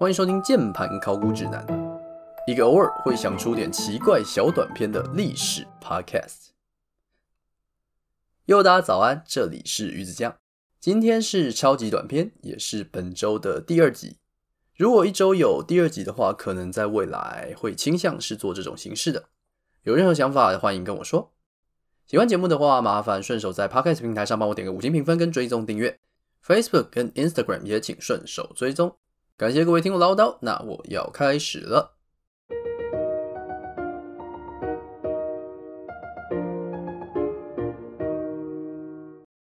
歡迎收聽《鍵盤考古指南》，一個偶爾會想出點奇怪小短片的歷史 podcast。又大家早安，這裡是魚子醬。今天是超級短片，也是本周的第二集。如果一周有第二集的話，可能在未來會傾向是做這種形式的。有任何想法，歡迎跟我說。喜歡節目的話，麻煩順手在 podcast 平台上幫我點個五星評分跟追蹤訂閱。Facebook 跟 Instagram 也請順手追蹤。感謝各位聽我嘮叨，那我要開始了。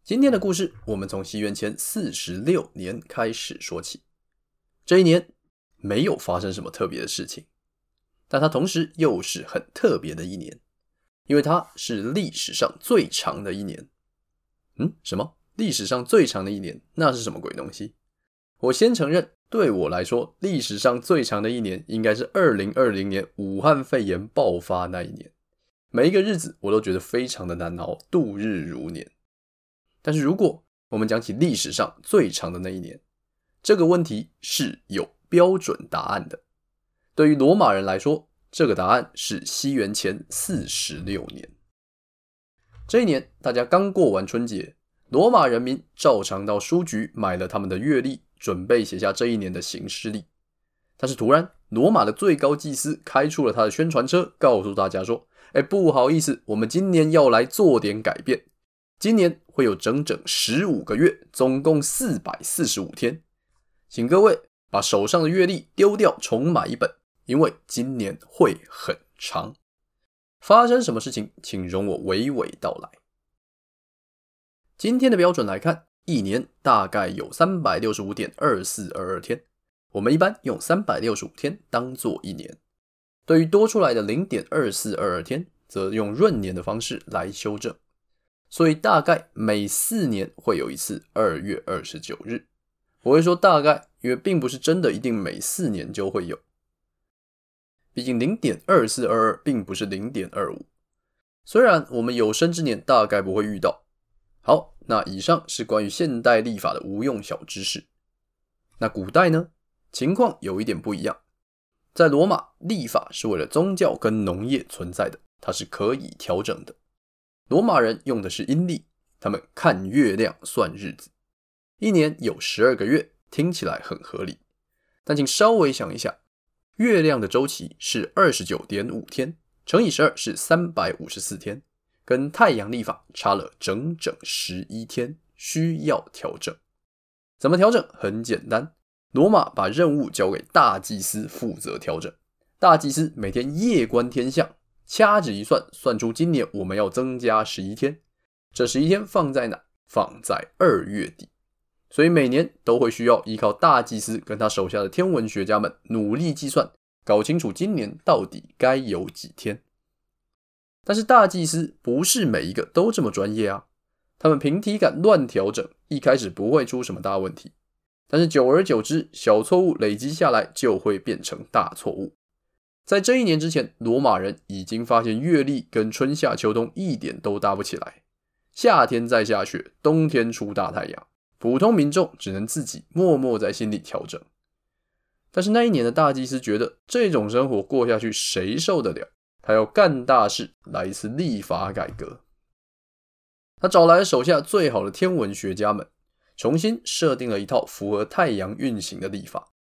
今天的故事，我們從西元前四十六年開始說起。這一年沒有發生什麼特別的事情，但它同時又是很特別的一年，因為它是歷史上最長的一年。嗯，什麼？歷史上最長的一年？那是什麼鬼東西？我先承認。對我來說，歷史上最長的一年應該是二零二零年武漢肺炎爆發那一年，每一個日子我都覺得非常的難熬，度日如年。但是，如果我們講起歷史上最長的那一年，這個問題是有標準答案的。對於羅馬人來說，這個答案是西元前四十六年。這一年，大家剛過完春節，羅馬人民照常到書局買了他們的月曆。準備寫下這一年的行事曆，但是突然，羅馬的最高祭司開出了他的宣傳車，告訴大家說：“哎、欸，不好意思，我們今年要來做點改變。今年會有整整十五個月，總共四百四十五天，請各位把手上的月曆丟掉，重買一本，因為今年會很長。發生什麼事情，請容我娓娓道來。今天的標準來看。”一年大概有三百六十五點二四二二天，我們一般用三百六十五天當做一年。對於多出來的零點二四二二天，則用閏年的方式來修正。所以大概每四年會有一次二月二十九日。我會說大概，因為並不是真的一定每四年就會有。畢竟零點二四二二並不是零點二五。雖然我們有生之年大概不會遇到。好，那以上是關於現代曆法的無用小知識。那古代呢？情況有一點不一樣。在羅馬，曆法是為了宗教跟農業存在的，它是可以調整的。羅馬人用的是陰曆，他們看月亮算日子，一年有十二個月，聽起來很合理。但請稍微想一下，月亮的周期是二十九點五天，乘以十二是三百五十四天。跟太陽曆法差了整整十一天，需要調整。怎麼調整？很簡單，羅馬把任務交給大祭司負責調整。大祭司每天夜觀天象，掐指一算，算出今年我們要增加十一天。這十一天放在哪？放在二月底。所以每年都會需要依靠大祭司跟他手下的天文學家們努力計算，搞清楚今年到底該有幾天。但是大祭司不是每一個都這麼專業啊，他們憑體感亂調整，一開始不會出什麼大問題，但是久而久之，小錯誤累積下來就會變成大錯誤。在這一年之前，羅馬人已經發現月曆跟春夏秋冬一點都搭不起來，夏天在下雪，冬天出大太陽，普通民眾只能自己默默在心裡調整。但是那一年的大祭司覺得這種生活過下去，誰受得了？他要幹大事，來一次曆法改革。他找來了手下最好的天文學家們，重新設定了一套符合太陽運行的曆法，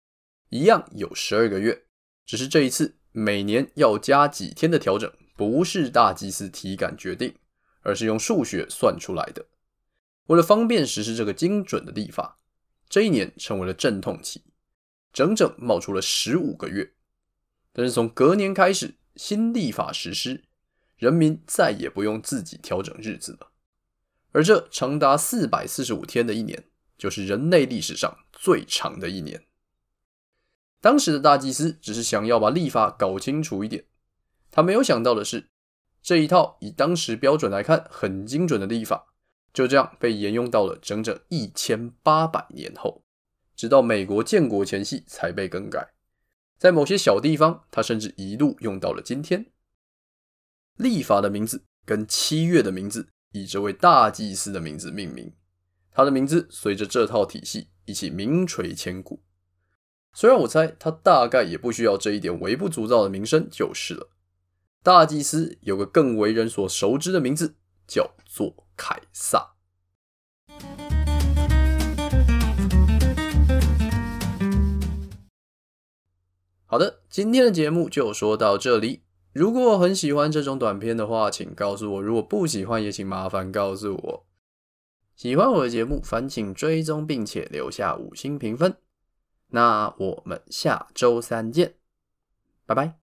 一樣有十二個月，只是這一次每年要加幾天的調整，不是大祭司體感決定，而是用數學算出來的。為了方便實施這個精準的曆法，這一年成為了陣痛期，整整冒出了十五個月。但是從隔年開始，新曆法實施，人民再也不用自己調整日子了。而這長達四百四十五天的一年，就是人類歷史上最長的一年。當時的大祭司只是想要把曆法搞清楚一點，他沒有想到的是，這一套以當時標準來看很精準的曆法，就這樣被沿用到了整整一千八百年後，直到美國建國前夕才被更改。在某些小地方，他甚至一路用到了今天。曆法的名字跟七月的名字以這位大祭司的名字命名，他的名字隨着這套體系一起名垂千古。雖然我猜他大概也不需要這一點微不足道的名聲，就是了。大祭司有個更為人所熟知的名字，叫做凱撒。好的，今天的節目就說到這裡。如果我很喜歡這種短片的話，請告訴我；如果不喜歡，也請麻煩告訴我。喜歡我的節目，煩請追蹤並且留下五星評分。那我們下周三見，拜拜。